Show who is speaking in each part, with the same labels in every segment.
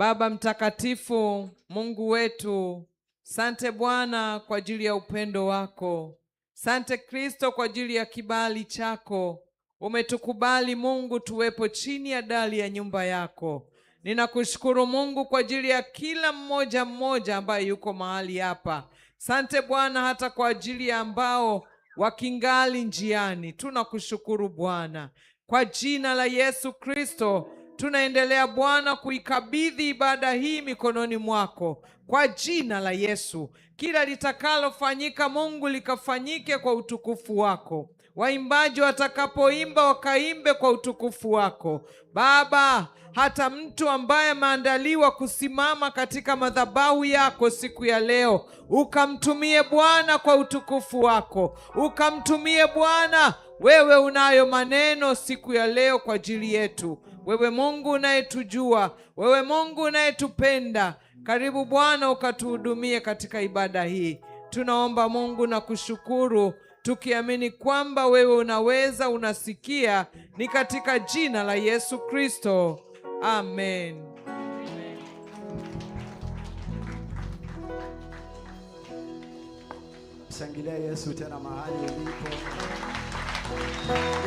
Speaker 1: Baba mtakatifu, Mungu wetu, sante Bwana kwa ajili ya upendo wako, sante Kristo kwa ajili ya kibali chako. Umetukubali Mungu tuwepo chini ya dali ya nyumba yako. Ninakushukuru Mungu kwa ajili ya kila mmoja mmoja ambaye yuko mahali hapa. Sante Bwana hata kwa ajili ya ambao wakingali njiani, tunakushukuru Bwana kwa jina la Yesu Kristo tunaendelea Bwana kuikabidhi ibada hii mikononi mwako kwa jina la Yesu. Kila litakalofanyika Mungu likafanyike kwa utukufu wako. Waimbaji watakapoimba wakaimbe kwa utukufu wako Baba. Hata mtu ambaye ameandaliwa kusimama katika madhabahu yako siku ya leo, ukamtumie Bwana kwa utukufu wako, ukamtumie Bwana. Wewe unayo maneno siku ya leo kwa ajili yetu. Wewe Mungu unayetujua, wewe Mungu unayetupenda, karibu Bwana ukatuhudumie katika ibada hii. Tunaomba Mungu na kushukuru tukiamini kwamba wewe unaweza, unasikia. Ni katika jina la Yesu Kristo, amen.
Speaker 2: Shangilia Yesu tena mahali ulipo,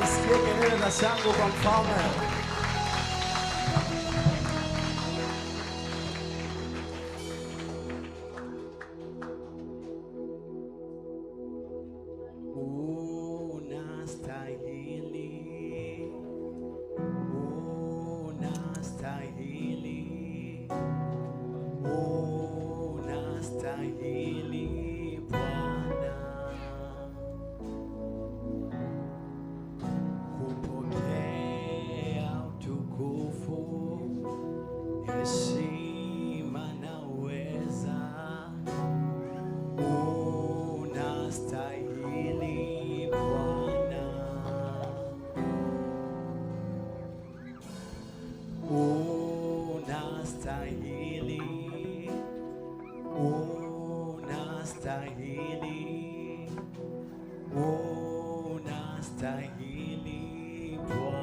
Speaker 2: isikie kelele za shangwe kwa mfalme. Unastahili, unastahili, unastahili Bwana kupokea utukufu, heshima na uweza. Unastahili unastahili, unastahili Bwana.